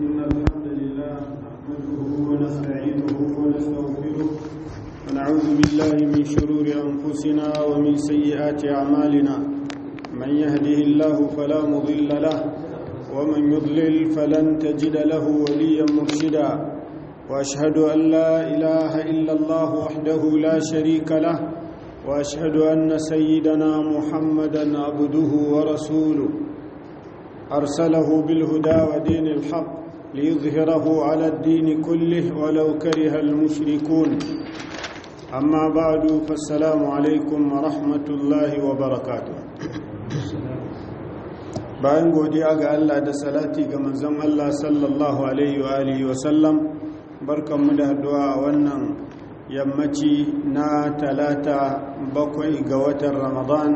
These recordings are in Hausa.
إن الحمد لله نحمده ونستعينه ونستغفره ونعوذ بالله من شرور أنفسنا ومن سيئات أعمالنا من يهده الله فلا مضل له ومن يضلل فلن تجد له وليا مرشدا وأشهد أن لا إله إلا الله وحده لا شريك له وأشهد أن سيدنا محمدا عبده ورسوله أرسله بالهدى ودين الحق ليظهره على الدين كله ولو كره المشركون أما بعد فالسلام عليكم ورحمة الله وبركاته bayan godiya ga Allah da salati ga manzon Allah barka alaihi wa da addu'a a wannan yammaci na talata bakwai ga watan Ramadan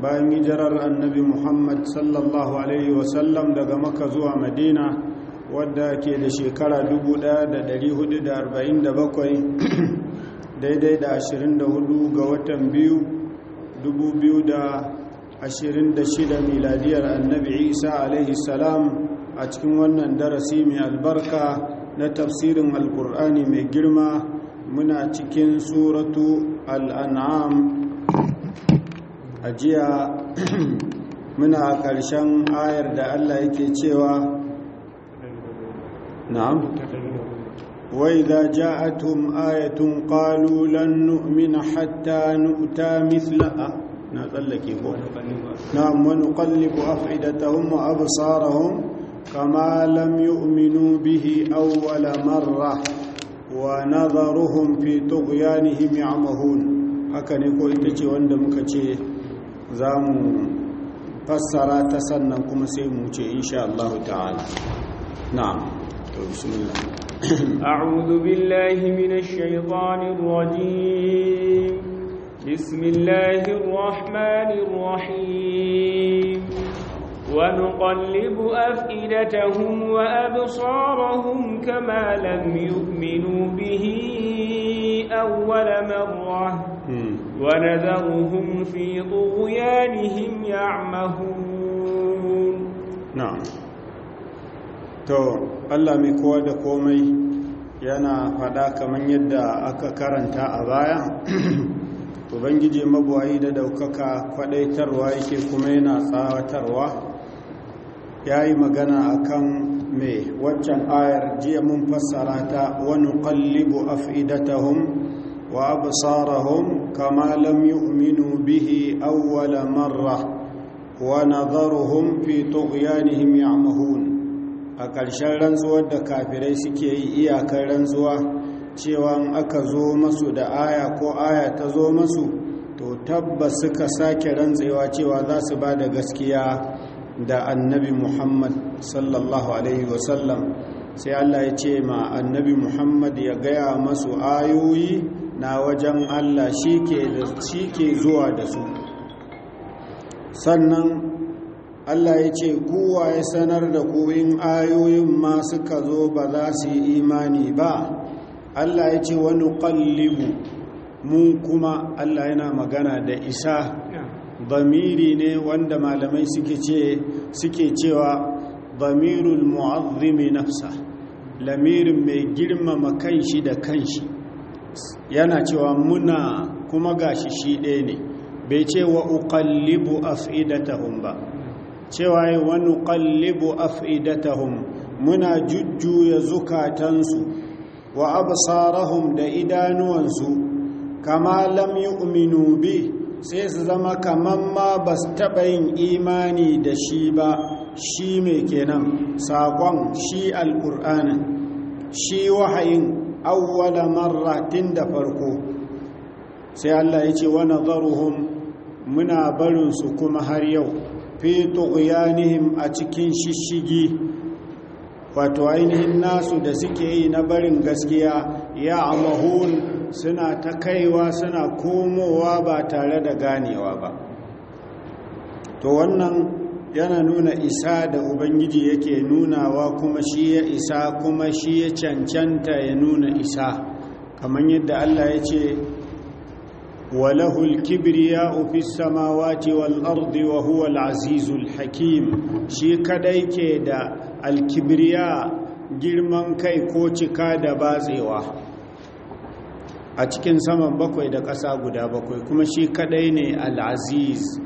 bayan hijirar annabi Muhammad sallallahu alaihi wa daga maka zuwa Madina wadda ke da shekara 1447 daidai da 24 ga watan biyu 2026 miladiyar annabi isa alaihi salam a cikin wannan darasi mai albarka na tafsirin alkur'ani mai girma muna cikin suratu al'an'am ajiya muna a ƙarshen ayar da allah yake cewa نعم وإذا جاءتهم آية قالوا لن نؤمن حتى نؤتى مثل نعم ونقلب أفئدتهم وأبصارهم كما لم يؤمنوا به أول مرة ونظرهم في طغيانهم يعمهون haka ne ko ita ce wanda muka ce za mu fassara ta sannan kuma sai mu ce insha Allah ta'ala na'am بسم الله أعوذ بالله من الشيطان الرجيم بسم الله الرحمن الرحيم ونقلب أفئدتهم وأبصارهم كما لم يؤمنوا به أول مرة ونذرهم في طغيانهم يعمهون نعم to allah mai kowa da komai yana faɗa kamar yadda aka karanta a baya ubangiji mabuwayi da daukaka kwadaitarwa yake kuma yana tsawatarwa ya yi magana a kan mai waccan ayar jiya mun fassara ta wani kallibu afidatahum wa absarahum kama lam yu'minu bihi awwala marra wa nadharuhum fi tughyanihim ya'mahun a ƙarshen rantsuwar da kafirai suke yi iyakar rantsuwa cewa aka zo masu da aya ko aya ta zo masu to tabbas suka sake rantsewa cewa za su ba da gaskiya da annabi muhammad sallallahu alaihi wasallam sai allah ya ce ma annabi muhammad ya gaya masu ayoyi na wajen allah shi ke zuwa da su sannan Allah ya ce kowa ya sanar da ku in ayoyin ma suka zo ba za su yi imani ba Allah ya ce wani kallibu mun kuma Allah yana magana da isa bamiri ne wanda malamai suke cewa bamirul mu'azzimi nafsa lamirin mai girmama kanshi da kanshi yana cewa muna kuma gashi shi ɗaya ne bai ce wa uqallibu af'idatahum ba cewa yi wani ƙallibu af'idatahum muna jujjuya zukatansu wa absarahum da idanuwansu kama lam yu'minu bi sai su zama kamar ma ba su taɓa yin imani da shi ba shi mai kenan saƙon shi alƙur'anin shi wahayin awwala marra tun da farko sai Allah ya ce wa nazaruhum muna barinsu kuma har yau fi tughyanihim a cikin shishigi wato ainihin nasu da suke yi na barin gaskiya ya amahun suna ta kaiwa suna komowa ba tare da ganewa ba to wannan yana nuna isa da ubangiji yake nunawa kuma shi ya isa kuma shi ya cancanta ya nuna isa kamar yadda allah ya ce وله الكبرياء في السماوات والأرض وهو العزيز الحكيم شي كدai ke da alkibriya girman kai ko cika da batsewa a cikin saman bakwai da ƙasa guda bakwai kuma shi kadai ne al'aziz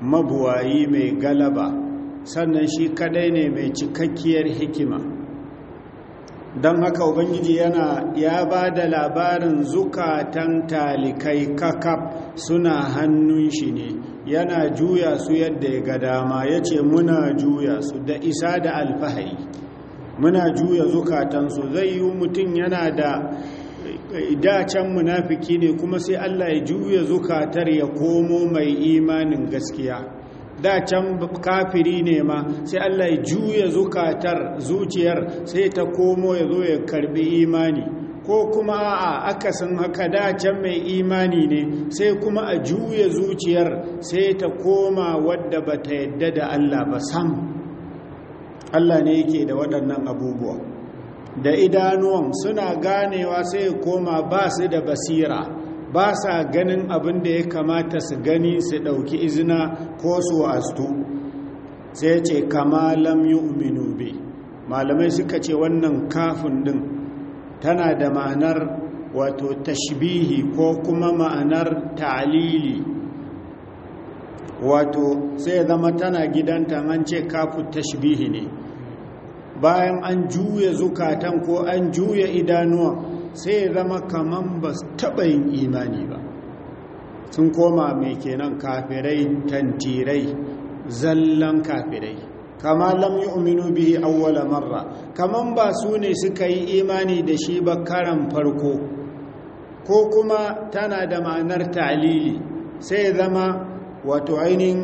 mabuwayi mai galaba sannan shi kadai ne mai cikakkiyar hikima don haka ubangiji yana ya ba da labarin zukatan talikai kakaf suna hannun shi ne yana juya su yadda ya ga dama ya ce muna juya su da isa da alfahari muna juya zukatansu zai yi mutum yana da dacen munafiki ne kuma sai allah ya juya zukatar ya komo mai imanin gaskiya da can kafiri ne ma sai Allah ya juya zukatar zuciyar sai ta komo ya zo ya karbi imani ko kuma a san haka da can mai imani ne sai kuma a juya zuciyar sai ta koma wadda ba ta yadda da Allah ba sam Allah ne yake da waɗannan abubuwa da idanuwan suna ganewa sai koma ba su da basira ba sa ganin abin da ya kamata su gani su ɗauki izina ko su astu sai ce kama yi malamai suka ce wannan kafin ɗin tana da ma'anar wato tashbihi ko kuma ma'anar ta'alili wato sai zama tana gidanta an ce kafu tashbihi ne bayan an juya zukatan ko an juya idanuwa sai zama kaman ba su taɓa yin imani ba sun koma mai kenan kafirai tantirai zallan kafirai kama lam yi uminu bihi awwala marra kaman ba su ne suka yi imani da shi ba karan farko ko kuma tana da ma'anar talili sai zama wato ainihin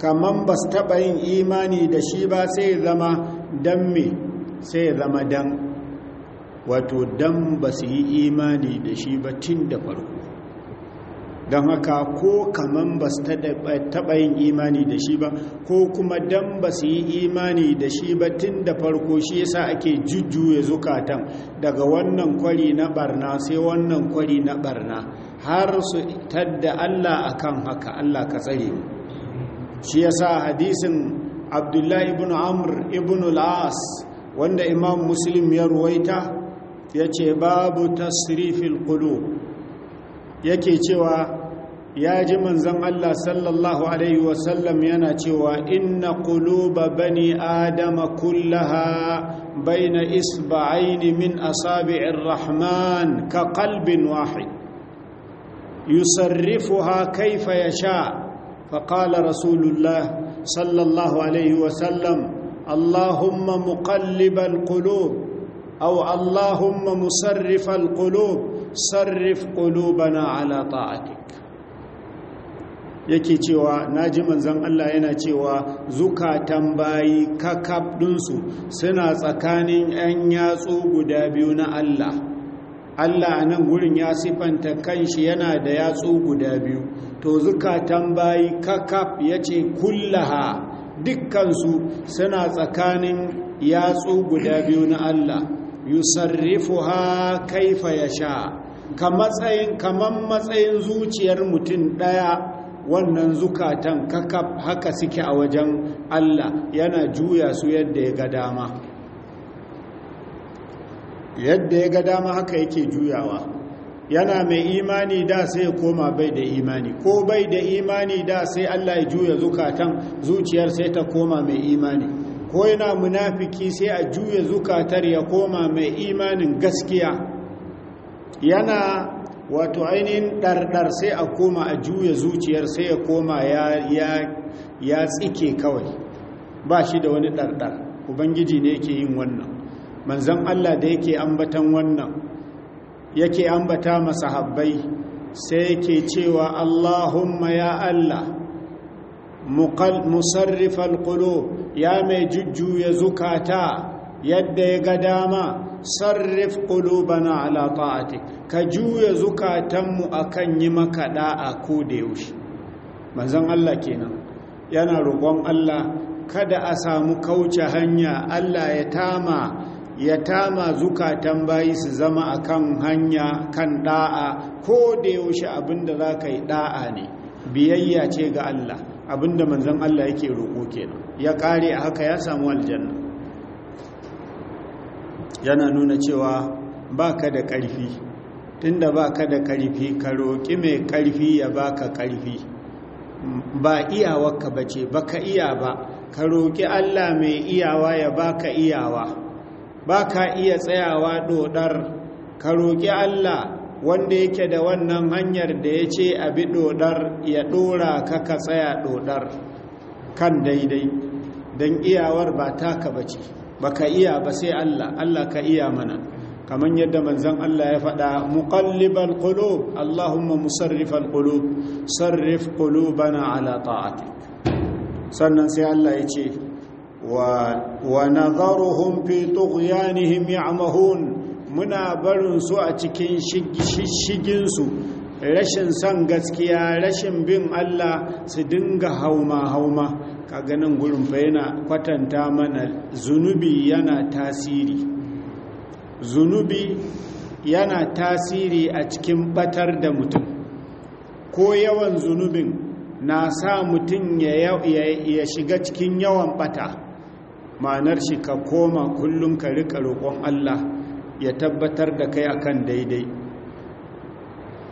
kaman ba su taɓa yin imani da shi ba sai zama don me sai zama dan wato dan ba su yi imani da shi ba tun da farko don haka ko kaman ba su taɓa yin imani da shi ba ko kuma dan ba su yi imani da shi ba tun da farko shi yasa ake jujjuya zukatan daga wannan kwari na barna sai wannan kwari na barna har su tadda Allah akan haka Allah ka tsare mu shi yasa hadisin Abdullahi ibn Amr ibn al'as wanda Imam Muslim ya ruwaita ya ce babu tasrifil qulub yake cewa ya ji manzan Allah sallallahu Alaihi wasallam yana cewa inna quluba bani adama kullaha baina isba'aini min asabi'ir rahman ka qalbin wahid yusarrifuha kaifa ya sha رسول الله صلى الله عليه وسلم اللهم مقلب القلوب أو اللهم مصرف القلوب صرف قلوبنا على طاعتك yake cewa na ji manzan Allah yana cewa zukatan bayi kakaf ɗinsu suna tsakanin 'yan yatsu guda biyu na Allah Allah a nan gurin ya sifanta kanshi yana da yatsu guda biyu to zukatan bayi kakaf ya ce kullaha dukkansu suna tsakanin yatsu guda biyu na Allah yusarrifuha kaifa yasha ka matsayin kaman matsayin zuciyar mutum ɗaya wannan zukatan kaka haka suke a wajen Allah yana juya su yadda ya ga dama yadda ya ga dama haka yake juyawa yana mai imani da sai koma bai da imani ko bai da imani da sai Allah ya juya zukatan zuciyar sai ta koma mai imani ko yana munafiki sai a juya zukatar ya koma mai imanin gaskiya yana wato ainihin ɗarɗar sai a koma a juya zuciyar sai ya koma ya tsike kawai ba shi da wani ɗarɗar ubangiji ne yake yin wannan manzan allah da yake ambatan wannan yake ambata masahabbai sai yake cewa allahumma ya allah مصرف القلوب ya mai jujjuya zukata yadda ya ga dama sarrif qulubana ala ta'atik ka juya zukatanmu akan yi maka ɗa'a, ko da yaushe Allah kenan yana roƙon Allah kada a samu kauce hanya Allah ya tama ya tama zukatan bayi su zama akan hanya kan da'a ko da yaushe abinda za ka yi da'a ne biyayya ce ga Allah abinda manzon Allah yake roƙo kenan ya kare a haka ya samu aljanna yana nuna cewa baka da ƙarfi tunda ka da ƙarfi ka roƙi mai ƙarfi ya baka ƙarfi ba ka bace baka iya ba ka roƙi Allah mai iyawa ya baka iyawa baka iya tsayawa dodar ka roƙi Allah wanda yake da wannan hanyar da ya ce abi dodar ya ɗora ka ka tsaya dodar kan daidai don iyawar ba taka bace ka iya ba sai Allah Allah ka iya mana kamar yadda manzon Allah ya faɗa muqallibal qulub Allahumma musarrifal qulub sarrif qulubana ala ta'ati sannan sai Allah ya ce wa wa nadharuhum fi tughyanihim ya'mahun muna barin su a cikin shiginsu rashin son gaskiya rashin bin Allah su dinga hauma-hauma Ka ganin gurin yana kwatanta mana zunubi yana tasiri zunubi yana tasiri a cikin batar da mutum ko yawan zunubin na sa mutum ya shiga cikin yawan bata ma'anar shi ka koma kullum ka rika roƙon Allah ya tabbatar da kai akan daidai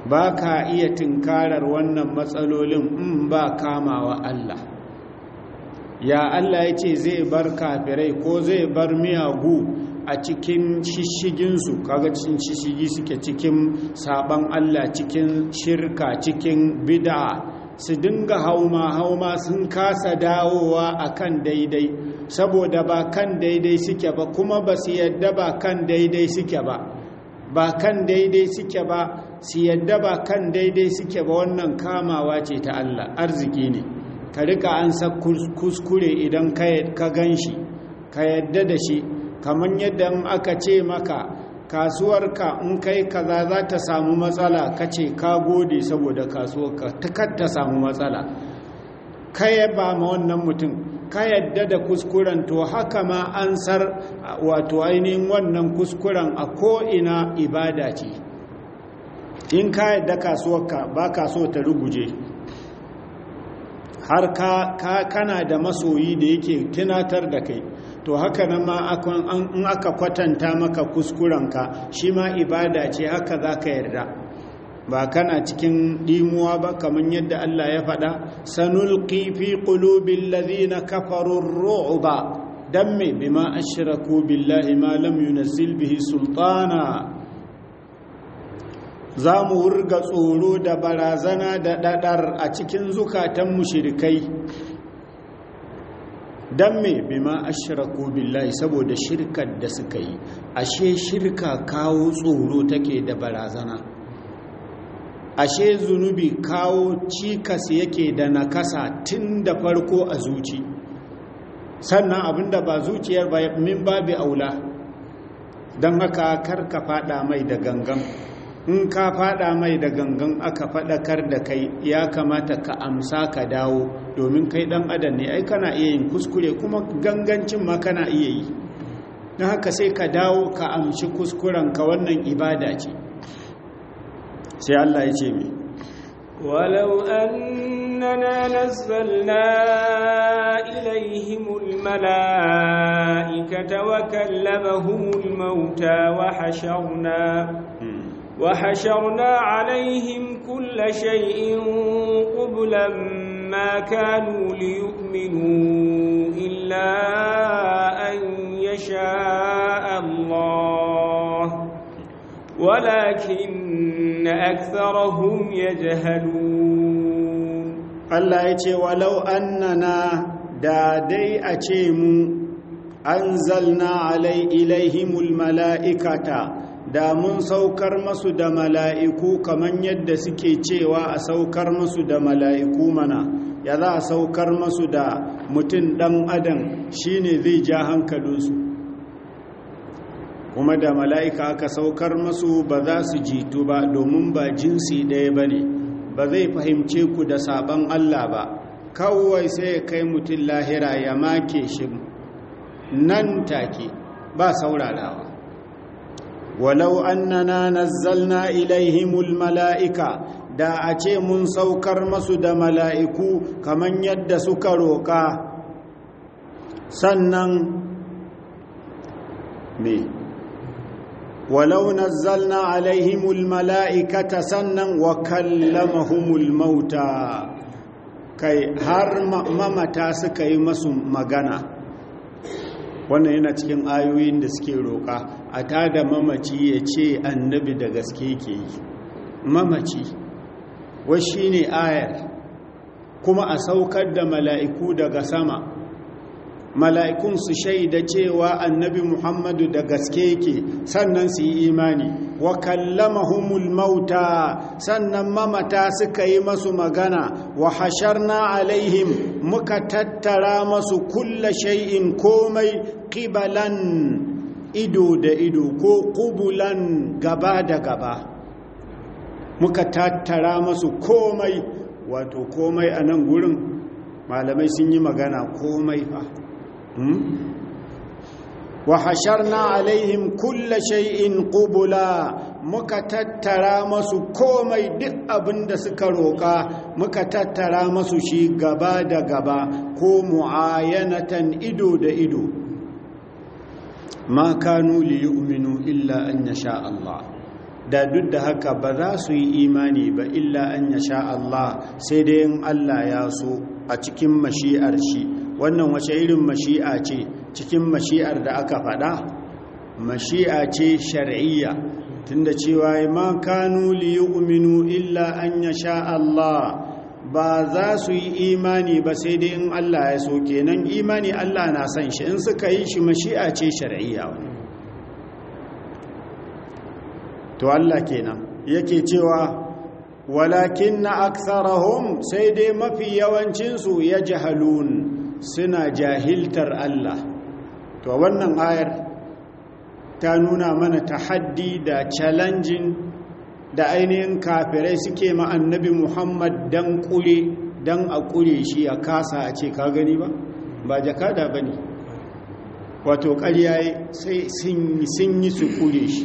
ba ka iya tinkarar wannan matsalolin in ba kamawa Allah ya Allah ya ce zai bar kafirai ko zai bar miyagu a cikin shishiginsu kaga cikin shishigi suke cikin sabon Allah cikin shirka cikin bid'a su dinga hauma hauma sun kasa dawowa a kan daidai saboda ba kan daidai suke ba kuma ba su yadda ba kan daidai suke ba ba kan daidai suke ba su yadda ba kan daidai suke ba wannan kamawa ce ta Allah arziki ne ka rika an sa kuskure idan ka gan shi ka yadda da shi kamar yadda aka ce maka Kasuwar ka in kai kaza za ta samu matsala ka ce ka gode saboda kasuwarka ta ta samu matsala ka yaba ma wannan mutum ka yadda da kuskuren to haka ma an sar wato ainihin wannan kuskuren a ko'ina ibada ce in ka yadda kasuwarka ba ka so ta ruguje har ka kana da masoyi da yake tunatar da kai to haka nan ma in aka kwatanta maka kuskurenka shi ma ibada ce haka za ka yarda ba kana cikin ɗimuwa ba kamar yadda Allah ya faɗa kifi fi qulubil ladhina kafaru ba, don me shira ko billahi ma lam bihi sultana za mu wurga tsoro da barazana da ɗaɗar a cikin zukatan mushirikai don me bima ashiraku billahi saboda shirkar da suka yi ashe shirka kawo tsoro take da barazana ashe zunubi kawo cikas yake da nakasa tun da farko a zuci sannan abinda ba zuciyar ba min babu aula don haka karka fada mai da gangan in ka fada mai da gangan aka fadakar da kai ya kamata ka amsa ka dawo domin kai dan adam ne ai kana iya yin kuskure kuma gangancin ma kana iya yi na haka sai ka dawo ka amshi kuskuren ka wannan ibada ce sai Allah ya ce mi walau annana nazzalna ilaihimul mala'ikata wa kallamahumul mauta wa hasharna وحشرنا عليهم كل شيء قبلا ما كانوا ليؤمنوا إلا أن يشاء الله ولكن أكثرهم يجهلون الله يتي ولو أننا دادي أتيم أنزلنا علي إليهم الملائكة da mun saukar masu da mala'iku kamar yadda suke cewa a saukar masu da mala'iku mana ya za a saukar masu da mutum ɗan adam shine zai ja hankalinsu kuma da mala'ika aka saukar masu ba za su jitu ba domin ba jinsi ɗaya ba ne ba zai fahimce ku da sabon Allah ba kawai sai ya kai mutum lahira ya make shi nan take ba saurarawa walau annana nazzalna ilaihimul mala'ika da a ce mun saukar masu da mala'iku kamar yadda suka roƙa sannan me walau nazzalna alaihimul mala'ikata sannan wa mahumul mauta kai har mamata suka yi masu magana wannan yana cikin ayoyin da suke roƙa a tada mamaci ya ce annabi da gaske ke yi mamaci wasu ne ayar kuma a saukar da mala'iku daga sama mala'ikun su shaida cewa annabi muhammadu da gaske yake sannan su yi imani wa kallamahumul mauta sannan mamata suka yi masu magana wa hasharna alaihim muka tattara masu kulla shai'in komai ƙibalan ido da ido ko kubulan gaba da gaba muka tattara masu komai wato komai a nan gurin malamai sun yi magana komai fa wa hasharna alaihim kulla shay'in qubula muka tattara masu komai duk abin da suka roƙa muka tattara masu shi gaba da gaba ko mu'ayanatan ido da ido ma kanu yu'minu illa an yasha Allah da duk da haka ba za su yi imani ba illa an yasha Allah sai dai in Allah ya so a cikin mashi'ar shi wannan wace irin mashi'a ce cikin mashi'ar da aka faɗa mashi'a ce shar'iyya tunda cewa ma kanu li yu'minu illa an yasha Allah ba za su yi imani ba sai dai in Allah ya so kenan imani Allah na san shi in suka yi shi mashi'a ce shar'iyya to Allah kenan yake cewa walakin na aksarahum sai dai mafi yawancinsu ya jahalun suna jahiltar Allah to wannan ayar ta nuna mana tahaddi da challenging da ainihin kafirai suke ma annabi Muhammad dan kure dan a kure shi a kasa a ce ka gani ba ba jakada bane wato ƙarya sai sun yi su kure shi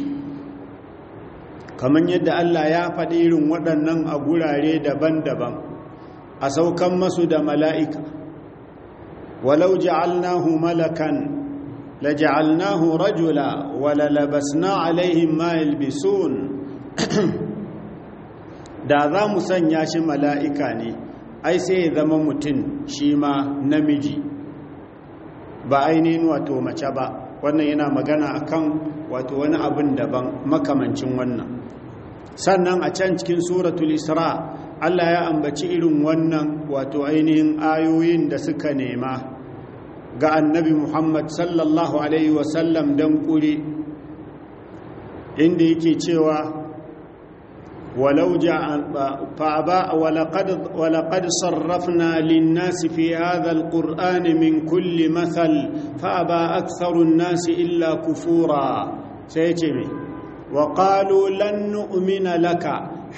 kamar yadda Allah ya faɗi irin waɗannan a gurare daban-daban a saukan masu da mala'ika ولو جعلناه ملكا لجعلناه رجلا وللبسنا عليهم ما يلبسون da za mu sanya shi mala'ika ne ai sai ya zama mutum shi ma namiji ba ainihin wato mace ba wannan yana magana akan wato wani abin daban makamancin wannan sannan a can cikin suratul isra Allah ya ambaci irin wannan wato ainihin ayoyin da suka nema ga annabi muhammad sallallahu alaihi wasallam don kuri inda yake cewa ولو جاء فأباء ولقد, ولقد صرفنا للناس في هذا القرآن من كل مثل فأبى أكثر الناس إلا كفورا سيتمي وقالوا لن نؤمن لك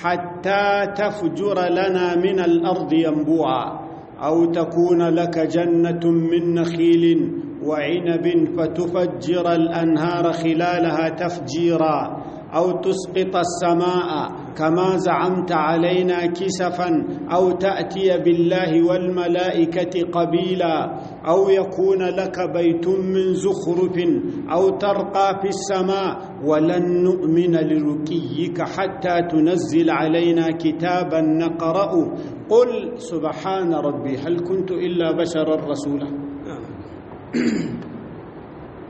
حتى تفجر لنا من الأرض ينبوعا أو تكون لك جنة من نخيل وعنب فتفجر الأنهار خلالها تفجيرا أو تسقط السماء كما زعمت علينا كسفا أو تأتي بالله والملائكة قبيلا أو يكون لك بيت من زخرف أو ترقى في السماء ولن نؤمن لرقيك حتى تنزل علينا كتابا نقرأه قل سبحان ربي هل كنت إلا بشرا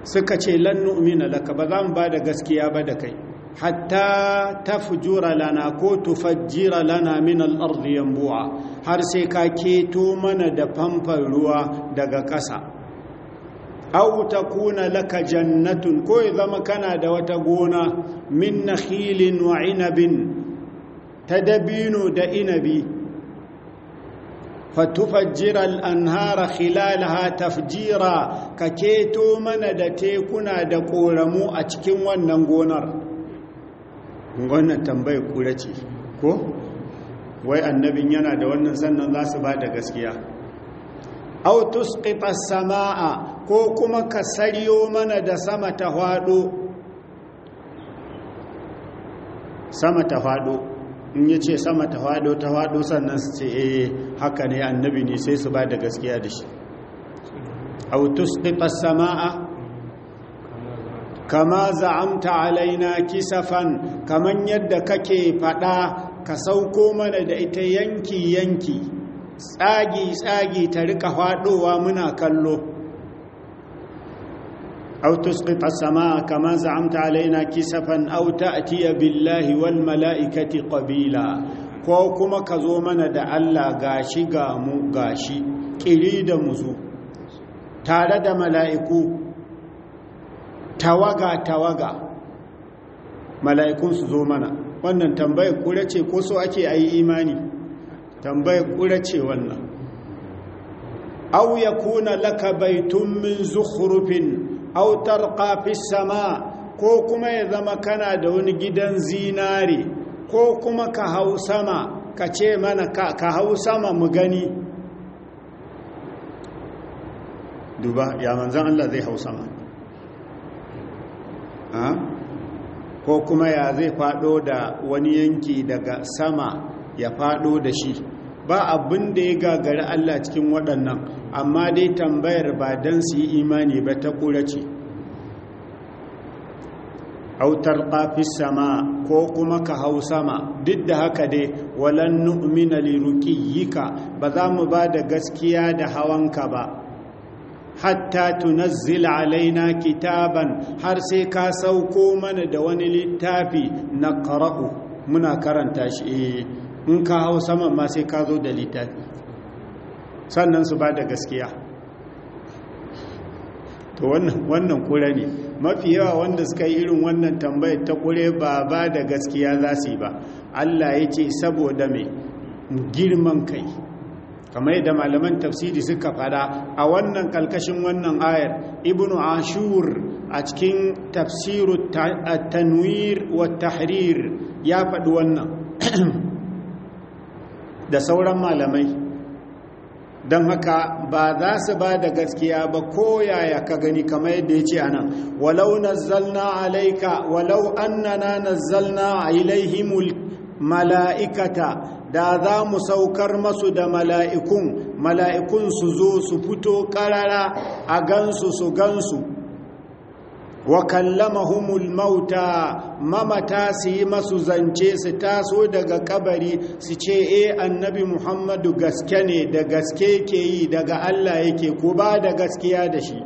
suka ce lan nu'mina laka ba za ba da gaskiya ba da kai hatta tafjura lana ko tufajjira lana min al-ardi yanbu'a har sai ka keto mana da famfan ruwa daga ƙasa Auta kuna laka jannatun ko ya zama kana da wata gona min nakhilin wa inabin ta dabino da inabi fatufajjira al'anhara khilalaha tafjira ka keto mana da tekuna da ƙoramu cikin wannan gonar wannan tambayi kura ce ko wai annabin yana da wannan sannan za su ba da gaskiya au tusqita samaa ko kuma ka sariyo mana da sama ta hwado sama ta hwado in ya ce sama ta hado ta hado sannan su ce eh haka ne annabi ne sai su ba da gaskiya da shi autus ɗifas sama'a kama za'amta alaina kisafan kaman yadda kake faɗa ka sauko mana da ita yanki yanki tsagi tsagi ta rika faɗowa muna kallo أو تسقط السماء كما زعمت علينا كسفا أو تأتي بالله والملائكة قبيلا ko kuma ka zo mana da Allah gashi ga gashi ƙiri da muzu tare da mala'iku tawaga-tawaga mala'ikun su zo mana wannan tambayar kura ce ko so ake a yi imani tambayar kura ce wannan au ya kuna laka min zukhrufin tarqa kafin sama ko kuma ya zama kana da wani gidan zinare ko kuma ka hau sama ka ce mana ka hau sama mu gani duba ya manzan Allah zai hau sama ko kuma ya zai fado da wani yanki daga sama ya fado da shi ba abin da ya gagari Allah cikin waɗannan amma dai tambayar ba don su yi imani ba ta kura ce autar ƙafis sama ko kuma ka hau sama duk da haka dai walan nu'mina ka ba za mu ba da gaskiya da hawanka ba hatta tunazzila alaina kitaban har sai ka sauko mana da wani littafi na ƙara'u muna karanta shi eh. in ka hau sama ma sai ka zo da littafi sannan su ba da gaskiya to wannan kure ne mafi yawa wanda suka yi irin wannan tambayar ta kure ba ba da gaskiya za su yi ba allah ya ce saboda mai girman kai kamar yadda malaman tafsiri suka fada a wannan kalkashin wannan ayar ibnu ashur a cikin tafsiru tanwir wa tahrir ya faɗi wannan da sauran malamai don haka ba za su ba da gaskiya ba ko yaya ka gani kamar yadda ya ce a nan walau zalna alaika walau annana a ilaihimul mala'ikata da za mu saukar masu da mala'ikun mala'ikun su zo su fito karara a gansu su gansu wa kallamahumul mauta mamata su yi masu zance su taso daga kabari su ce e annabi muhammadu gaske ne da gaske ke yi daga allah yake ko ba da gaskiya da shi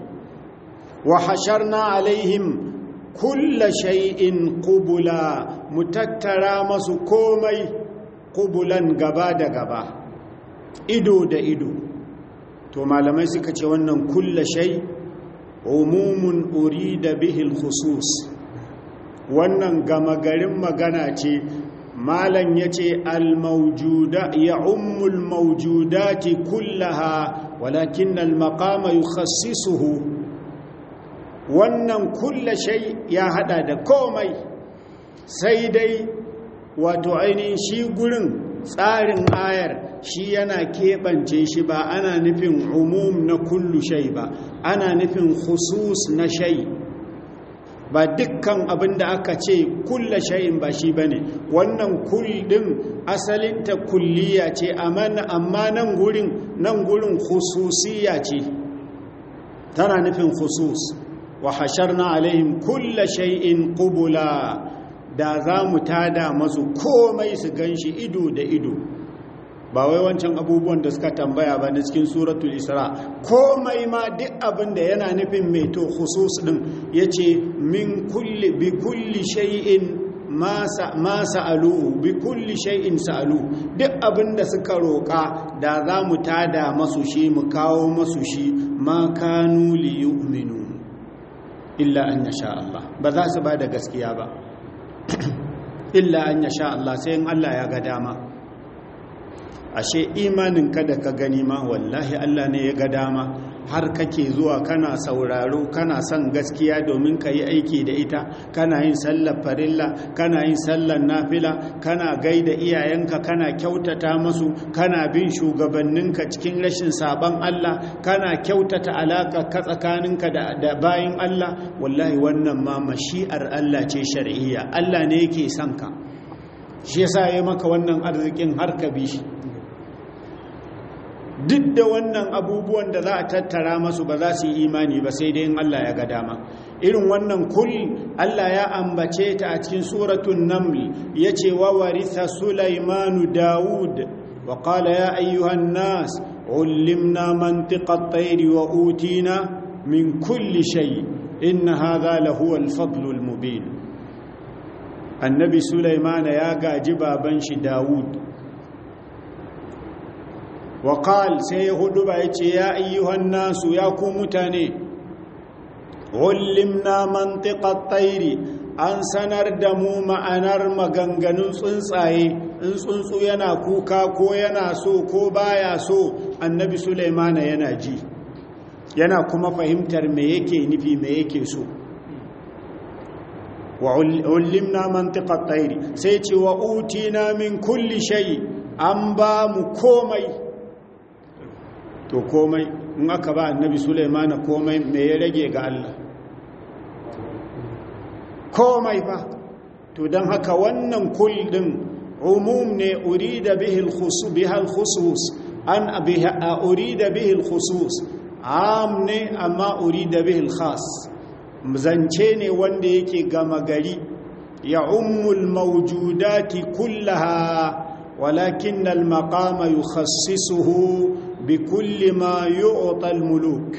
wa na alaihim kulla shay'in kubula mu tattara masu komai ƙubulan gaba da gaba ido da ido to malamai suka ce wannan kulla shay' umumun urida bihil khusus wannan gama garin magana ce malan ya ce almaujuda ya ummul maujudati kullaha walakin almaqama yukhassisuhu wannan kulla shay ya hada da komai sai dai wato ainihin shi gurin tsarin ayar shi yana keɓance shi ba ana nufin umum na kullu shai ba ana nufin khusus na shai ba dukkan abin da aka ce kulla shayin ba shi ba ne wannan kullum asalinta kulliya ce amma nan gurin nan gurin khususiya ce tana nufin khusus wa na alaihim kulla shay'in Kubula, da za mu tada masu komai su gan shi ido da ido ba wai wancan abubuwan da suka tambaya ba na cikin suratul isra komai ma duk abin da yana nufin mai to khusus din yace min kulli bi kulli shay'in ma sa'alu bi kulli shay'in sa'alu duk abin da suka roka da za mu tada masu shi mu kawo masu shi ma kanu li yu'minu illa an yasha Allah ba za su ba da gaskiya ba illa an yasha Allah sai in Allah ya ga dama ashe imanin ka da ka gani ma wallahi Allah ne ya ga dama har kake zuwa kana sauraro kana son gaskiya domin ka yi aiki da ita kana yin sallar farilla kana yin sallar nafila kana gaida iyayenka kana kyautata masu kana bin shugabanninka cikin rashin sabon Allah kana kyautata alaka ka tsakaninka da, da bayin Allah wallahi wannan ma mashi'ar Allah ce shar'iyya Allah ne yake son ka shi yasa ya maka wannan arzikin har ka bi shi duk da wannan abubuwan da za a tattara masu ba za su yi imani ba sai dai in Allah ya ga dama irin wannan kul Allah ya ambace ta a cikin suratun naml ya ce wa warisa sulaimanu dawud wa qala ya ayyuhan nas ullimna mantiqa at wa utina min kulli shay in hadha lahu al-fadl al-mubin annabi sulaimana ya gaji baban shi dawud Wakal sai ya hudu ba ya ce ya ayyuhan nasu ya ku mutane ulimna mantiƙar tairi an sanar da mu ma'anar maganganun tsuntsaye in tsuntsu yana kuka ko yana so ko baya so annabi sulaimana yana ji yana kuma fahimtar me yake nufi me yake so wa ulimna mantiƙar tairi sai ce wa utina min kulli shayi an ba mu komai to komai in aka ba annabi sulaimana komai me ya rage ga Allah komai ba to don haka wannan kul umum ne urida bihi alkhusus biha al an abiha urida bihi alkhusus am ne amma urida bihi alkhas khas zance ne wanda yake gama gari ya ummul mawjudati kullaha walakin almaqama yukhassisuhu bi kulli ma yu'ta muluk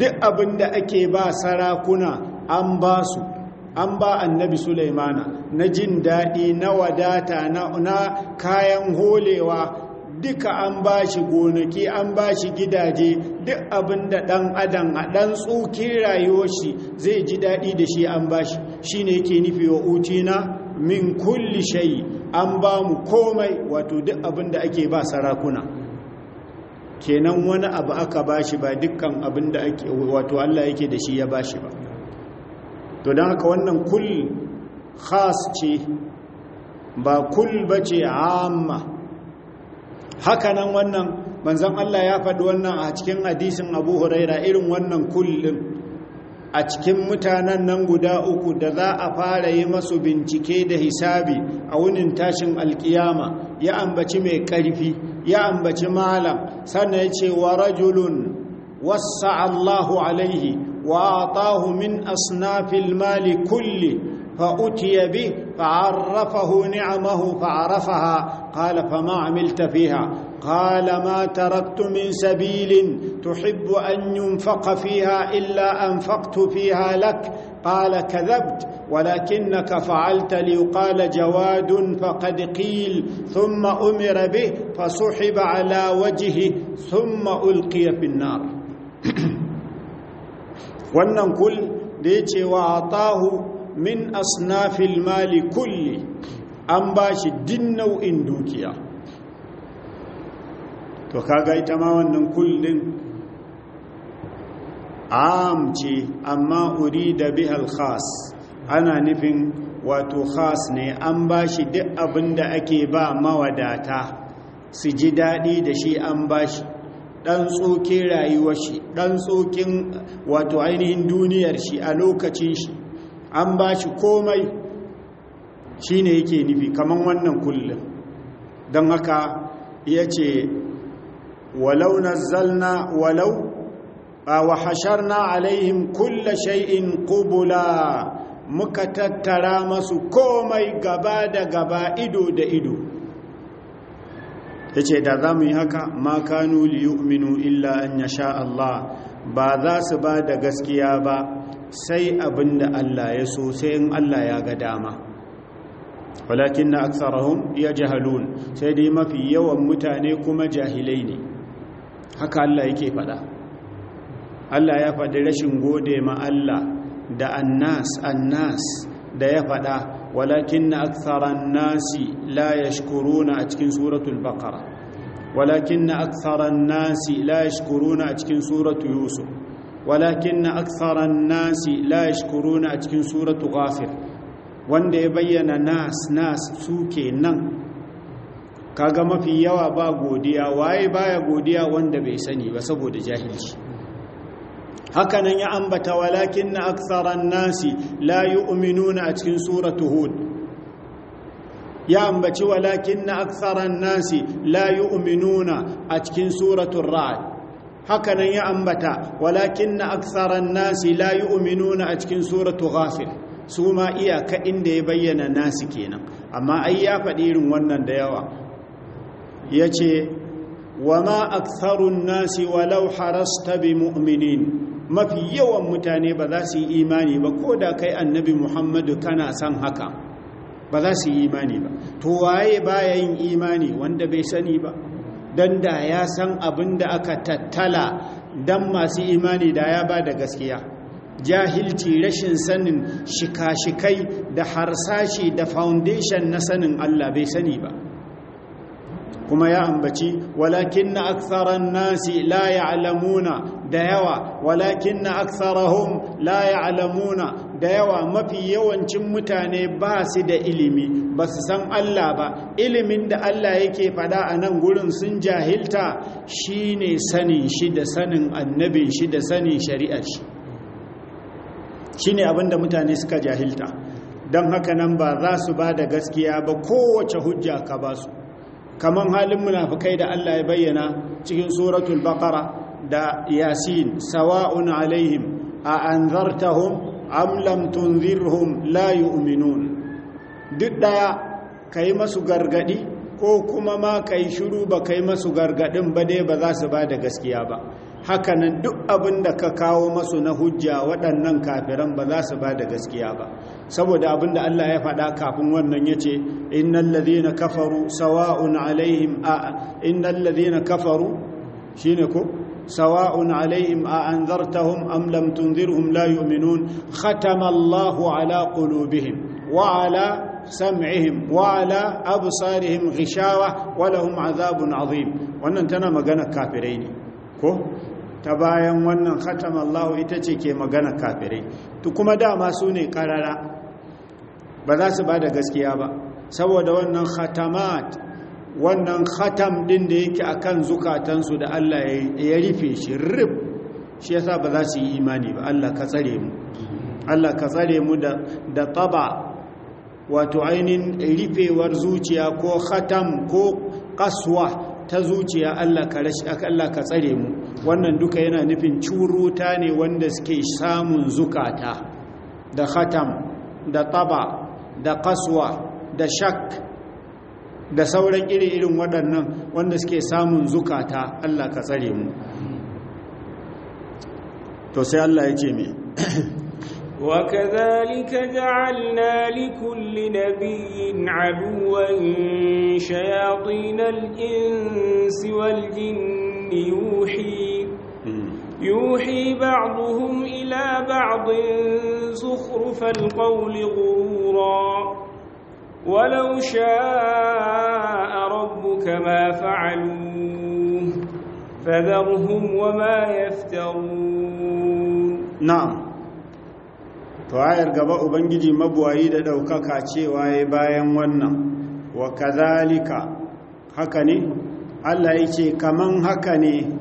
duk abinda ake ba sarakuna an ba su an ba annabi sulaimana na jin daɗi na wadata na kayan holewa duka an ba shi gonaki an ba shi gidaje duk abinda da ɗan adam a ɗan tsukin rayuwar zai ji daɗi da shi an ba shi shi yake nufi wa utina min kulli shayi an ba mu komai wato duk abinda ake ba sarakuna kenan wani abu aka bashi ba dukkan abin da ake wato Allah yake da shi ya bashi ba to don haka wannan kul khas ce ba kul ce amma hakanan wannan manzon Allah ya faɗi wannan a cikin hadisin Abu Huraira irin wannan kullum a cikin mutanen nan guda uku da za a fara yi masu bincike da hisabi a wunin tashin alkiyama ya ambaci mai ƙarfi ya ambaci malam sannan ya ce wa rajulun wasa Allahu alaihi wa atahu min asnafil mali kulli فأتي به فعرفه نعمه فعرفها قال فما عملت فيها قال ما تركت من سبيل تحب أن ينفق فيها إلا أنفقت فيها لك قال كذبت ولكنك فعلت ليقال جواد فقد قيل ثم امر به فسحب على وجهه ثم القي في النار wannan kul da ya ce wa atahu min asnafil mali kulli an ba shi din nau'in dukiya to kaga ita ma wannan kullin am ce amma uri da bihal khas ana nufin wato khas ne an ba shi duk abin da ake ba mawadata su ji daɗi da shi an ba shi ɗan tsokin rayuwar shi ɗan tsokin wato ainihin duniyar shi a lokacin shi an ba shi komai shi ne yake nufi kamar wannan kullum don haka ya ce walau nazzalna walau wa hasharna alaihim kulla shay'in kubula muka tattara masu komai gaba da gaba ido da ido Ya ce da za mu yi haka makanu liyuminu illa an ya sha Allah ba za su ba da gaskiya ba sai abin da Allah ya so sai in Allah ya ga dama walakin na aksarahun ya jahalun sai dai mafi yawan mutane kuma jahilai ne haka Allah yake faɗa Allah ya faɗi rashin gode ma Allah da annas annas da ya faɗa walakin na aksaran nasi la ya a cikin suratul bakara walakin na aksaran nasi la ya a cikin suratul yusuf walakin na aksaran nasi la ya a cikin suratul ghafir wanda ya bayyana nas nas suke nan kaga mafi yawa ba godiya waye baya godiya wanda bai sani ba saboda jahilci hakanan ya ambata walakin na aksaran nasi la yu'minuna a cikin suratu hud ya ambaci walakin na aksaran nasi la yu'minuna a cikin suratun ra'ad hakanan ya ambata walakin na aksaran nasi la yu'minuna a cikin suratu ghafir su ma iyaka inda ya bayyana nasi kenan amma ai ya faɗi irin wannan da yawa ya ce wa ma aksarun nasi walau harasta bi mu'minin mafi yawan mutane ba za su yi imani ba ko da kai annabi muhammadu kana san haka ba za su yi imani ba to waye baya yin imani wanda bai sani ba don da ya san abin da aka tattala don masu imani da ya ba da gaskiya jahilci rashin sanin shika-shikai da harsashi da foundation na sanin allah bai sani ba kuma ya ambaci walakin na aksaran nasi la alamuna da yawa walakin na hun la alamuna da yawa mafi yawancin mutane ba su da ilimi ba su san Allah ba ilimin da Allah yake fada a nan gurin sun jahilta shine sanin shi da sanin annabin shi da sanin shari'ar shi Shi ne abinda mutane suka jahilta don haka nan ba za su ba da gaskiya ba kowace hujja ka ba su kaman halin munafikai da Allah ya bayyana cikin suratul baqara da yasin sawa'un alaihim a anzartahum am lam tunzirhum la yu'minun duk daya kai masu gargadi ko kuma ma kai shiru ba kai masu gargadin ba dai ba za su ba da gaskiya ba hakanan duk abin da ka kawo masu na hujja waɗannan kafiran ba za su ba da gaskiya ba saboda abinda Allah ya faɗa kafin wannan yace innal ladhina kafaru sawa'un alaihim a innal ladhina kafaru shine ko sawa'un alaihim a anzartahum am lam tunzirhum la yu'minun khatama Allahu ala qulubihim wa ala سمعهم وعلى أبصارهم غشاوة ولهم عذاب عظيم wannan tana magana kafirai ne ko ta bayan wannan khatama allahu ita ce ke magana kafirai to kuma dama su ne karara ba za su ba da gaskiya ba saboda wannan khatamat wannan khatam din da yake akan zukatansu da Allah ya rufe shi rib shi yasa ba za su yi imani ba Allah ka tsare mu Allah ka tsare mu da da taba wato ainin rifewar zuciya ko khatam ko kaswa ta zuciya Allah ka rashi Allah ka tsare mu wannan duka yana nufin curuta ne wanda suke samun zukata da khatam da taba da kaswa da shak da sauran iri-irin waɗannan wanda suke samun zukata Allah ka tsare mu to sai Allah ya ce mai wa ka zalika na likulli nabiyin abuwan shayatinal insi wal jinni يوحي بعضهم إلى بعض زخرف القول غرورا ولو شاء ربك ما فعلوه فذرهم وما يفترون نعم to ayar gaba ubangiji mabuwayi da ɗaukaka cewa ya bayan wannan wa kazalika haka ne allah ce kaman haka ne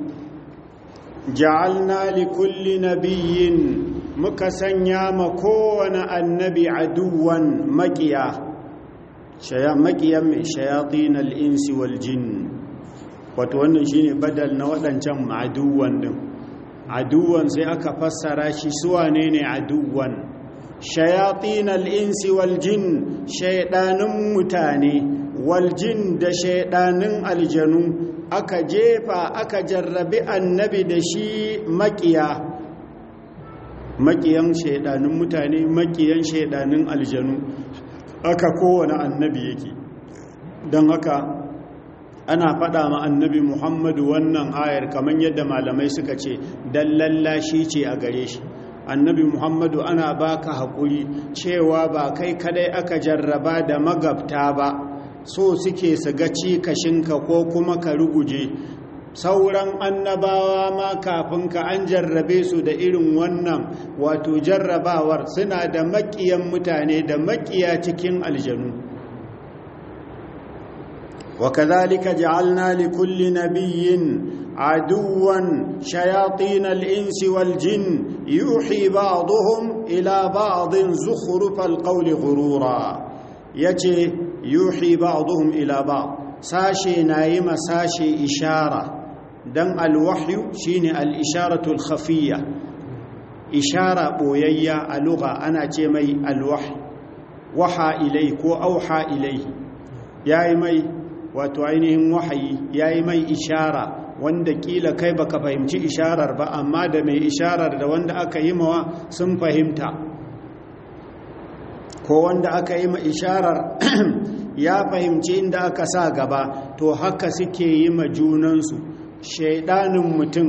ja'alna li kulli nabiyyin muka sanya ma kowane annabi aduwan makiya makiyan mai shayatin al'insi wal jin wato wannan ne badal na waɗancan aduwan din aduwan sai aka fassara shi suwa ne ne aduwan shayatin al'insi wal jin shaidanin mutane waljin da shaidanin aljanu aka jefa aka jarrabi annabi da shi makiya makiyan shaidanin mutane makiyan shaidanin aljanu aka kowane annabi yake don haka ana faɗa ma annabi muhammadu wannan ayar kamar yadda malamai suka ce don lallashi ce a gare shi annabi muhammadu ana baka haƙuri cewa ba kai kadai aka jarraba da magabta ba so suke su ga cikashinka ko kuma ka ruguje sauran annabawa ma kafin ka an jarrabe su da irin wannan wato jarrabawar suna da maƙiyan mutane da maƙiya cikin aljanu وكذلك جعلنا لكل نبي عدوا شياطين الانس والجن يوحي بعضهم الى بعض زخرف القول غرورا يجي yuhi ba'dhum ila ba'd sashe na yi ishara dan alwahyu shine al-isharatu al ishara boyayya a lugha ana ce mai alwahy waha ilai ko auha ilai yayi mai wato ainihin wahayi yayi mai ishara wanda kila kai baka fahimci isharar ba amma da mai isharar da wanda aka yi mawa sun fahimta ko wanda aka yi ma isharar ya fahimci inda aka sa gaba to haka suke yi ma junansu shaidanin mutum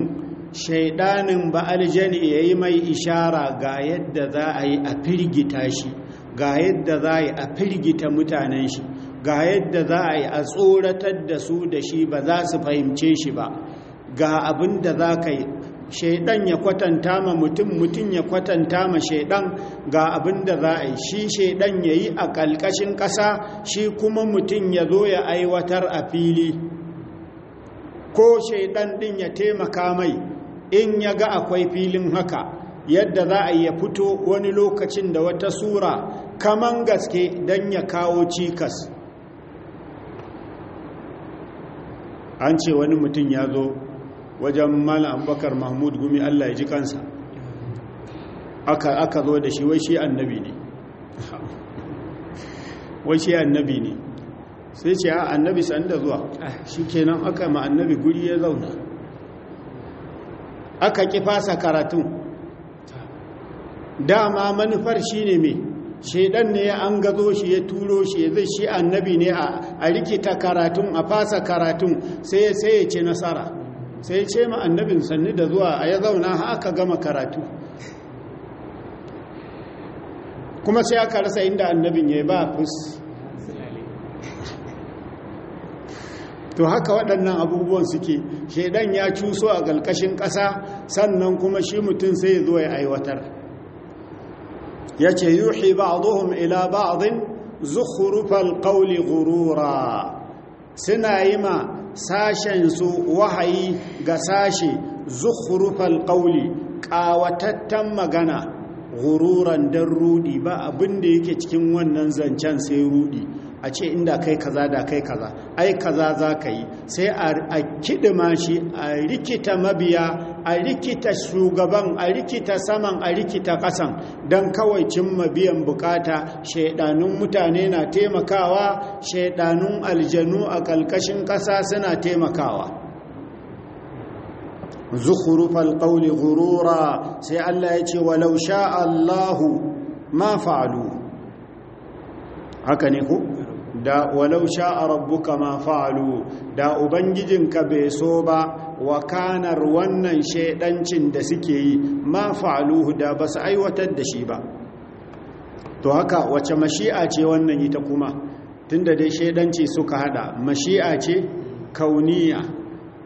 shaidanin ba ya yi mai ishara ga yadda za a yi a firgita shi ga yadda za a yi a firgita mutanen shi ga yadda za a yi a tsoratar da su da shi ba za su fahimce shi ba ga abin da za ka yi shaidan ya kwatanta ma mutum mutum ya kwatanta ma shaidan ga abin da za a yi shi shaidan ya yi a ƙalƙashin ƙasa shi kuma mutum ya zo ya aiwatar a fili ko shaidan ɗin ya taimaka mai in ya ga akwai filin haka yadda za a ya fito wani lokacin da wata sura kaman gaske don ya kawo cikas an ce wani mutum ya zo wajen mala abubakar mahmud gumi allah ya ji kansa aka zo da shi wai shi annabi ne wai shi annabi ne sai ce a annabi san da zuwa shi kenan aka ma annabi guri ya zauna aka ƙi fasa karatun dama manufar shi ne mai shaidan ne ya an gazo shi ya turo shi ya zai shi annabi ne a rikita karatun a fasa karatun sai ya ce nasara sai ce ma annabin sanni da zuwa a ya zauna haka gama karatu kuma sai aka rasa inda annabin ya ba fus to haka waɗannan abubuwan suke shaidan ya cuso a galkashin ƙasa sannan kuma shi mutum sai ya zo ya aiwatar ya ce yuhi zuhun ila ba a zin zukhrufal ƙauli ghurura suna yi ma Sashen su wahayi ga sashe zukhurufal qawli ƙawatattan magana gururan dan rudi ba abin da yake cikin wannan zancen sai rudi a ce inda kai kaza da kai kaza ai kaza za ka yi sai a kidima shi a rikita mabiya a rikita shugaban a rikita saman a rikita kasan don kawai cimma biyan bukata shaidanun mutane na taimakawa shaidanun aljanu a kalkashin kasa suna taimakawa zukhrufal falkauli gurura sai Allah ya ce walau sha Allahu ma fa'alu haka ne ku da walau sha'a rabbuka ma fa'alu da ubangijinka bai so ba wa kanar wannan shaidancin da suke yi ma fa’alu da ba su aiwatar da shi ba to haka wace mashi'a ce wannan yi ta kuma tunda dai shaidanci suka hada mashi'a ce kauniya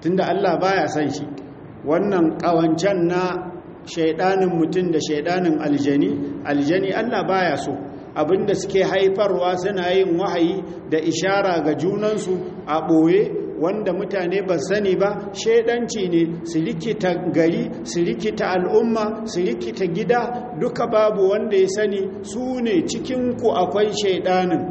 tunda Allah baya san shi wannan kawancan na shaidanin mutum da shaidanin aljani aljani Allah baya so abinda suke haifarwa suna yin wahayi da ishara ga junansu a ɓoye wanda mutane ba sani ba shaidanci ne su rikita gari su rikita al'umma su rikita gida duka babu wanda ya sani su ne cikinku akwai shaidanin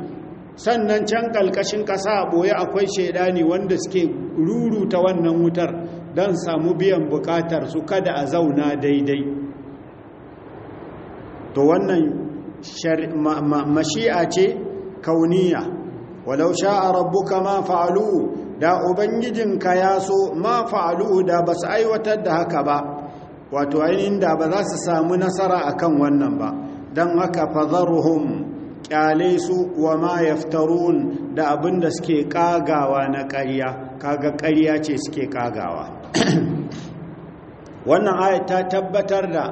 sannan can ƙalƙashin ƙasa a ɓoye akwai shaidani wanda suke ruruta wannan wutar don samu biyan buƙatar su kada a zauna daidai to wannan mashi'a ce kauniya walau sha'a rabbuka ma fa'alu da ubangijinka ya so ma fa'alu da ba su aiwatar da haka ba wato ainihin da ba za su samu nasara akan wannan ba don haka fadharuhum kyale su wa ma yaftarun da abin da suke kagawa na ƙarya kaga ƙarya ce suke kagawa wannan aya ta tabbatar da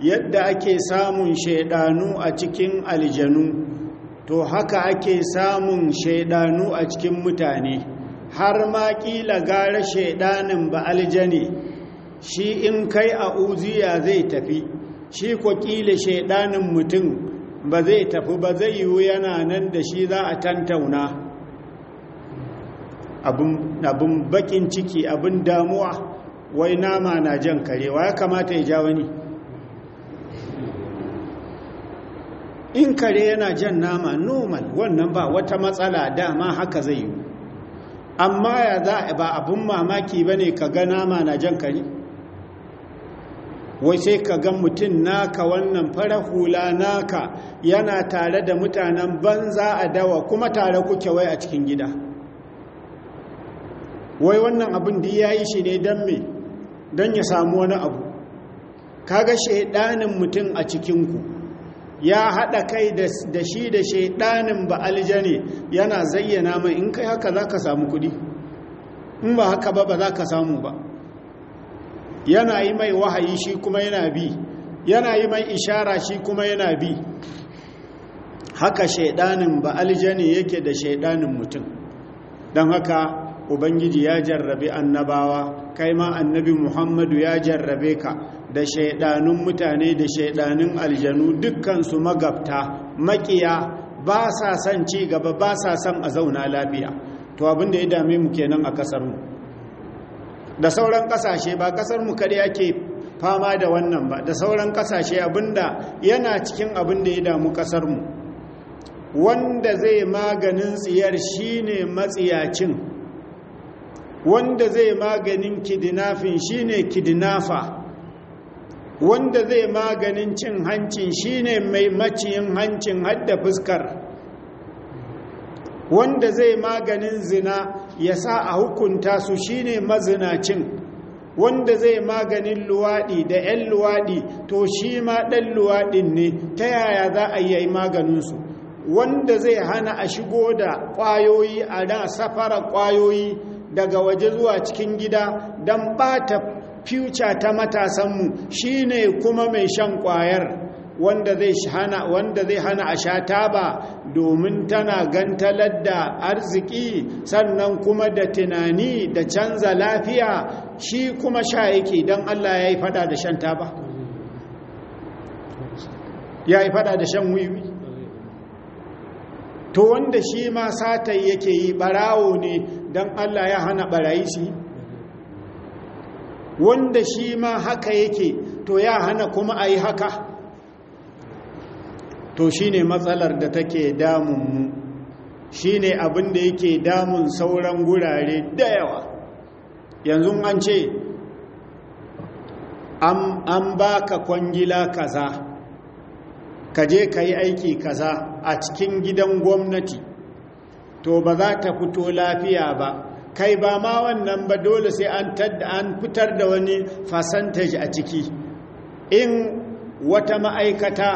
yadda ake samun shaidanu a cikin aljanu to haka ake samun shaidanu a cikin mutane har ma ƙila gara shaidanin ba aljani shi in kai a uziya zai tafi shi ko kila shaidanin mutum ba zai tafi ba zai yiwu yana nan da shi za a tantauna abin bakin ciki abin damuwa wai nama na jan karewa ya kamata ya ja wani in kare yana jan nama normal wannan ba wata matsala dama haka zai yi amma ya za ba abin mamaki ba ne ka ga nama na jan kare wai sai ka ga mutum naka wannan fara hula naka yana tare da mutanen banza a dawa kuma tare kuke wai a cikin gida wai wannan abin da ya yi shi ne don me don ya samu wani abu Ka ga shaidanin mutum a cikinku ya haɗa kai da shi da shaidanin ba ne yana zayyana mai in kai haka za ka samu kuɗi in ba haka ba ba za ka samu ba yana yi mai wahayi shi kuma yana bi yana yi mai ishara shi kuma yana bi haka shaidanin ba aljani yake da shaidanin mutum don haka ubangiji ya jarrabe annabawa kai ma annabi muhammadu ya jarrabe ka da shaidanun mutane da shaidanun aljanu dukkansu magabta makiya ba sa son ci gaba ba sa son a zauna lafiya to abin da ya dame mu kenan a ƙasarmu. da sauran kasashe ba kasarmu kare yake fama da wannan ba da sauran kasashe abinda yana cikin abin da ya damu kasarmu wanda zai maganin tsiyar shine matsiyacin wanda zai maganin kidinafin shine kidinafa wanda zai maganin cin hancin shine mai maciyin hancin hadda fuskar wanda zai maganin zina ya sa a hukunta su shine mazinacin wanda zai maganin luwaɗi da 'yan luwaɗi to shi ma ɗan luwaɗin ne ta yaya za a yi maganinsu wanda zai hana a shigo da ƙwayoyi a da safara ƙwayoyi daga waje zuwa cikin gida don ɓata future ta matasanmu shi ne kuma mai shan kwayar wanda zai hana wanda zai hana a sha taba domin tana gantalar da arziki sannan kuma da tunani da canza lafiya shi kuma sha yake don Allah ya yi fada da shan taba ya yi fada da shan wiwi to wanda shi ma satai yake yi barawo ne don Allah ya hana barayi shi wanda shi ma haka yake to ya hana kuma a yi haka to shi ne matsalar da take damunmu shi ne abin da yake damun sauran gurare da yawa yanzu an ce an baka kwangila kaza ka je ka yi aiki kaza a cikin gidan gwamnati to ba za ta fito lafiya ba kai ba ma wannan ba dole sai an an fitar da wani percentage a ciki in wata ma'aikata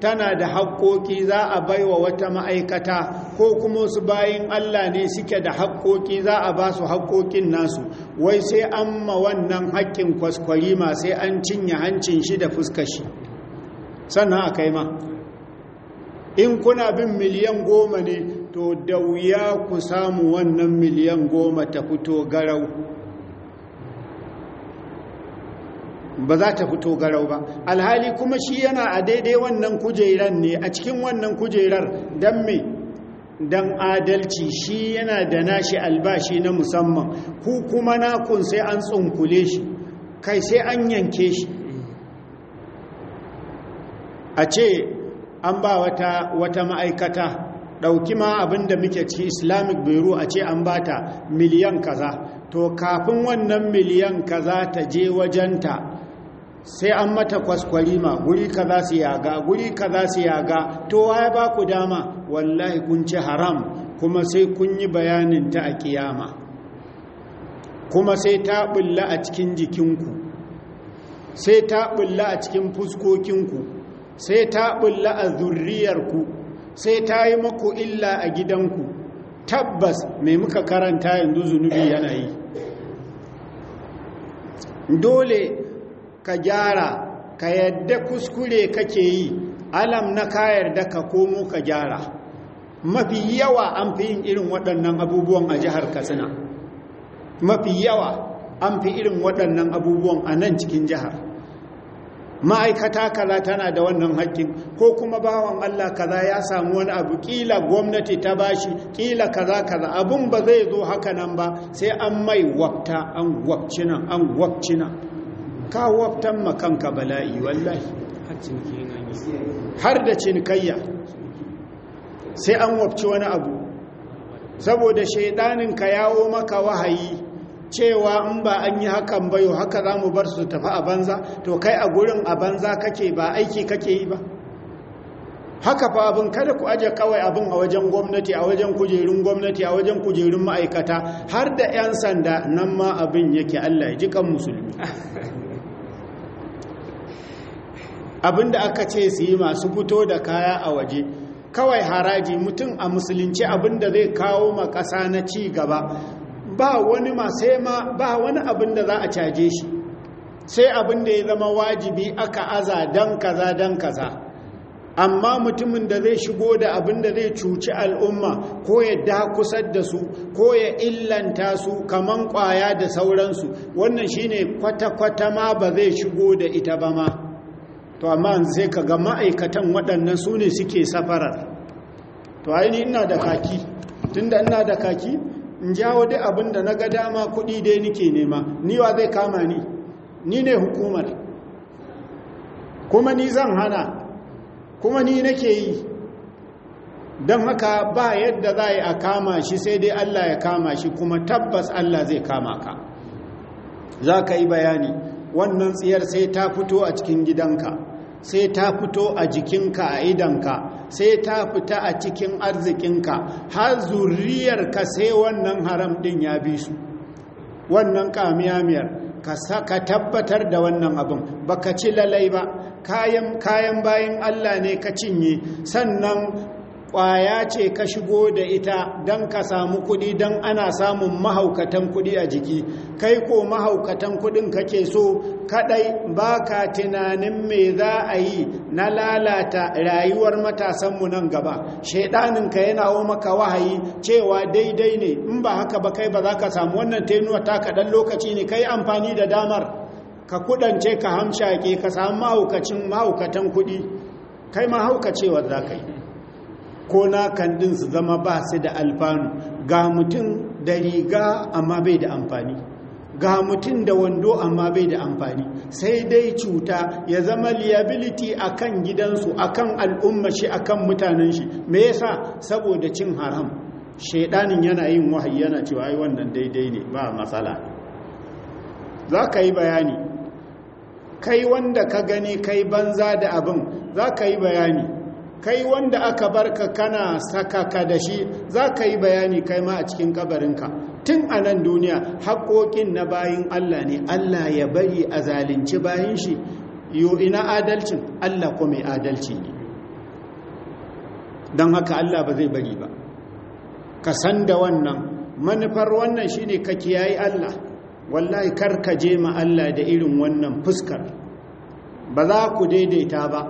tana da haƙoƙi za a baiwa wata ma'aikata ko kuma su bayin Allah ne suke da haƙoƙi za a ba su haƙoƙin nasu wai sai an ma wannan haƙƙin ma sai an cinye hancin shi da fuskar shi sannan a kai ma in kuna bin miliyan goma ne to da wuya ku samu wannan miliyan goma ta fito garau ba za ta fito garau ba alhali kuma shi yana a daidai wannan kujerar ne a cikin wannan kujerar don me don adalci shi yana da nashi albashi na musamman ku kuma nakun sai an tsunkule shi kai sai an yanke shi a ce an ba wata, wata ma'aikata ɗauki ma abin da muke ci islamic biro a ce an ba ta miliyan kaza to kafin wannan miliyan kaza ta je wajenta sai an mata kwaskwarima guri kaza su yaga guri kaza su yaga to waye ba ku dama wallahi kun ci haram kuma sai kun yi bayanin ta a kiyama kuma sai ta bulla a cikin jikinku sai ta bulla a cikin fuskokinku sai ta bulla a zurriyarku sai ta yi maku illa a gidanku tabbas mai muka karanta yanzu zunubi yana yi dole ka gyara ka yadda kuskure kake yi alam na kayar da ka komo ka gyara mafi yawa an fi yin irin waɗannan abubuwan a jihar katsina mafi yawa an fi irin waɗannan abubuwan a nan cikin jihar ma'aikata kaza tana da wannan haƙƙin ko kuma bawan Allah kaza ya samu wani abu kila gwamnati ta bashi kila kaza kaza abun ba zai zo haka nan ba sai an mai wafta an wafci nan an wafci nan ka waftan makanka bala'i wallahi har da cinikayya sai an wafci wani abu saboda shaidaninka yawo maka wahayi cewa in ba an yi hakan bayo haka za mu bar su tafi a banza to kai a gurin a banza kake ba aiki kake yi ba haka fa abin kada ku aje kawai abin a wajen gwamnati a wajen kujerun gwamnati a wajen kujerun ma'aikata har da 'yan sanda nan ma abin yake allah ya ji kan musulmi abin da aka ce su yi masu fito da kaya a waje kawai haraji mutum a musulunci abin da zai kawo ma ƙasa na ci gaba ba wani masema ba wani abin da za a caje shi sai abin da ya zama wajibi aka aza dan kaza dan kaza amma mutumin da zai shigo da abin da zai cuci al'umma ko ya dakusar da su ko ya illanta su kaman kwaya da sauransu wannan shine kwata-kwata ma ba zai shigo da ita ba ma to amma sai ka ga ma'aikatan waɗannan su ne suke safarar to ainihin ina da kaki tunda ina da kaki in ja duk abin da na ga dama kuɗi dai nike nema niwa zai kama ni ni ne hukumar kuma ni zan hana kuma ni nake yi don haka ba yadda za a kama shi sai dai Allah ya kama shi kuma tabbas Allah zai kama ka za ka yi bayani wannan tsiyar sai ta fito a cikin gidanka sai ta fito a jikinka a idanka sai ta fita a cikin arzikinka har ka sai wannan haram din ya bi su wannan kamiyamiyar ka tabbatar da wannan abin baka ci lalai ba kayan bayan Allah ne ka cinye sannan ƙwaya ce ka shigo da ita don ka samu kuɗi don ana samun mahaukatan kuɗi a jiki kai ko mahaukatan kuɗin kake so kaɗai ba ka tunanin me za a yi na lalata rayuwar matasanmu nan gaba shaidaninka yana wa maka wahayi cewa daidai ne in ba haka ba kai ba za ka samu wannan tenuwa ta kaɗan lokaci ne kai amfani da damar ka kudance ka hamshake ka samu mahaukacin mahaukatan kuɗi kai mahaukacewa za ka yi ko na su zama ba su da alfanu ga mutum da riga amma bai da amfani ga mutum da wando amma bai da amfani sai dai cuta ya zama liability kan gidansu akan al'ummashi a akan mutanen shi me yasa saboda cin haram shaidanin yana yin wahayi yana cewa ai wannan daidai ne ba matsala za ka yi bayani kai wanda ka gani kai banza da abin za ka yi bayani kai wanda aka barka kana sakaka da shi za ka yi bayani kai ma a cikin kabarinka tun a nan duniya haƙoƙin na bayin Allah ne Allah ya bari a zalunci bayin shi yo ina adalcin Allah ko mai adalci ne don haka Allah ba zai bari ba ka san da wannan manufar wannan shi ne ka kiyayi Allah wallahi kar ka je ma Allah da irin wannan fuskar ba za ku daidaita ba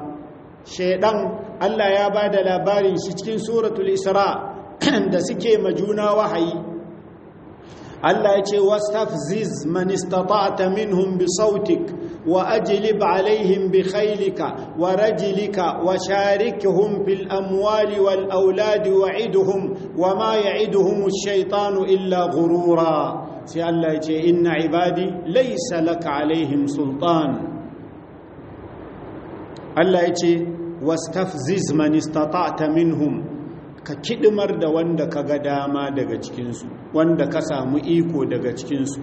shaidan Allah ya ba da labarin shi cikin suratul isra da suke majuna wahayi Allah ya ce wastafziz man istata'ta minhum bi sautik wa ajlib alaihim bi khaylika wa rajlika wa sharikuhum fil amwali wal auladi wa'iduhum wa ma ya'iduhum ash-shaytanu illa ghurura sai Allah ya ce inna ibadi laysa laka alaihim sultan Allah ya ce wastafziz man ta minhum ka kidimar da wanda ka ga dama daga cikinsu wanda ka samu iko daga cikinsu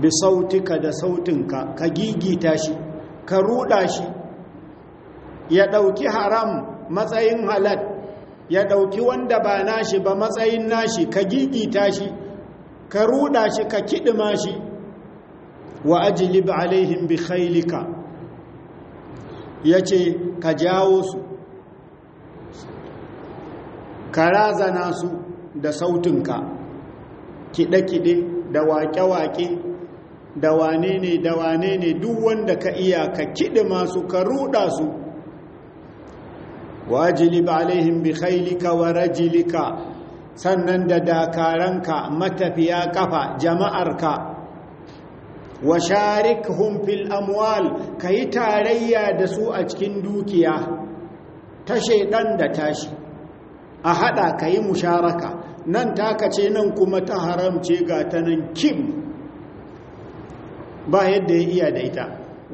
bi sautika da sautin ka gigita shi ka ruda shi ya ɗauki haram matsayin halal ya ɗauki wanda ba nashi ba matsayin nashi ka gigita shi ka ruda shi ka kidima shi wa ajlib alaihim bi khailika ya ce ka jawo su ka razana su da sautinka kiɗe-kiɗe da waƙe-waƙe da wane ne da wane ne duk wanda ka iya ka kiɗe masu ka ruɗa su wajilib alaihim bi khailika wa rajilika sannan da dakaranka matafiya kafa jama'arka wa sharikhum fil amwal kayi tarayya da su a cikin dukiya ta shaidan da tashi a hada kayi musharaka nan taka ce nan kuma ta haramce ga ta nan kim ba yadda ya iya da ita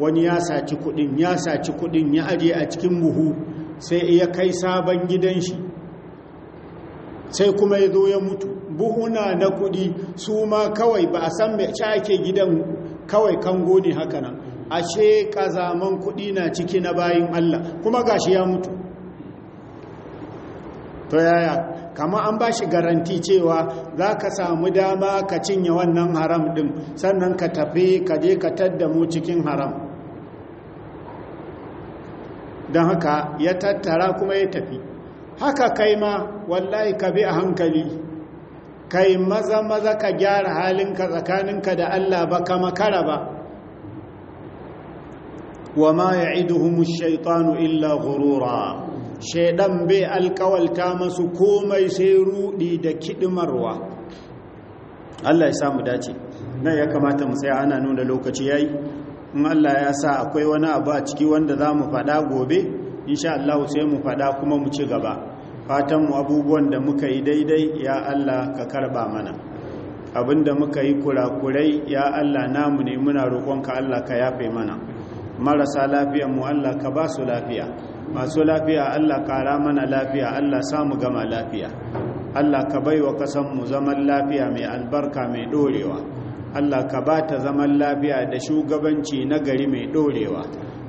wani ya saci kudin ya saci kudin ya aje a cikin buhu sai ya kai sabon gidan shi sai kuma ya zo ya mutu buhuna na kudi su ma kawai ba a san mai ake gidan kawai kan ne haka nan ashe kazaman kudi na ciki na bayin Allah kuma gashi ya mutu to yaya kama an ba shi garanti cewa za ka samu dama ka cinye wannan haram din sannan ka tafi ka je ka tadda mu cikin haram don haka ya tattara kuma ya tafi haka kai ma wallahi ka bi a hankali kai maza maza ka gyara halinka tsakaninka da Allah ba ka makara ba wa ma ya'iduhum ash shaitanu illa gurura shaidan bai alkawalta masu komai sai rudi da kidimarwa Allah ya samu dace nan ya kamata mu tsaya ana nuna lokaci yayi in Allah ya sa akwai wani abu a ciki wanda za mu faɗa gobe insha Allah sai mu faɗa kuma mu ci gaba fatan mu abubuwan da muka yi daidai ya Allah ka karba mana abinda muka yi kurakurai ya Allah namu ne muna roƙonka Allah ka yafe mana marasa lafiyanmu Allah ka ba su lafiya masu lafiya Allah ƙara mana lafiya Allah samu gama lafiya Allah ka bai wa mu zaman lafiya mai albarka mai ɗorewa Allah ka ba ta zaman lafiya da shugabanci na gari mai ɗorewa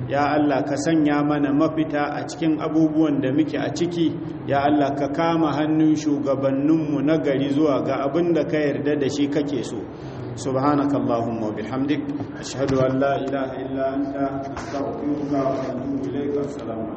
ya Allah ka sanya mana mafita a cikin abubuwan da muke a ciki ya Allah ka kama hannun shugabanninmu na gari zuwa ga abin da ka yarda da shi kake so allahumma bihamdik ashhadu an la ilaha illa anta astaghfiruka wa atubu ilaik assalamu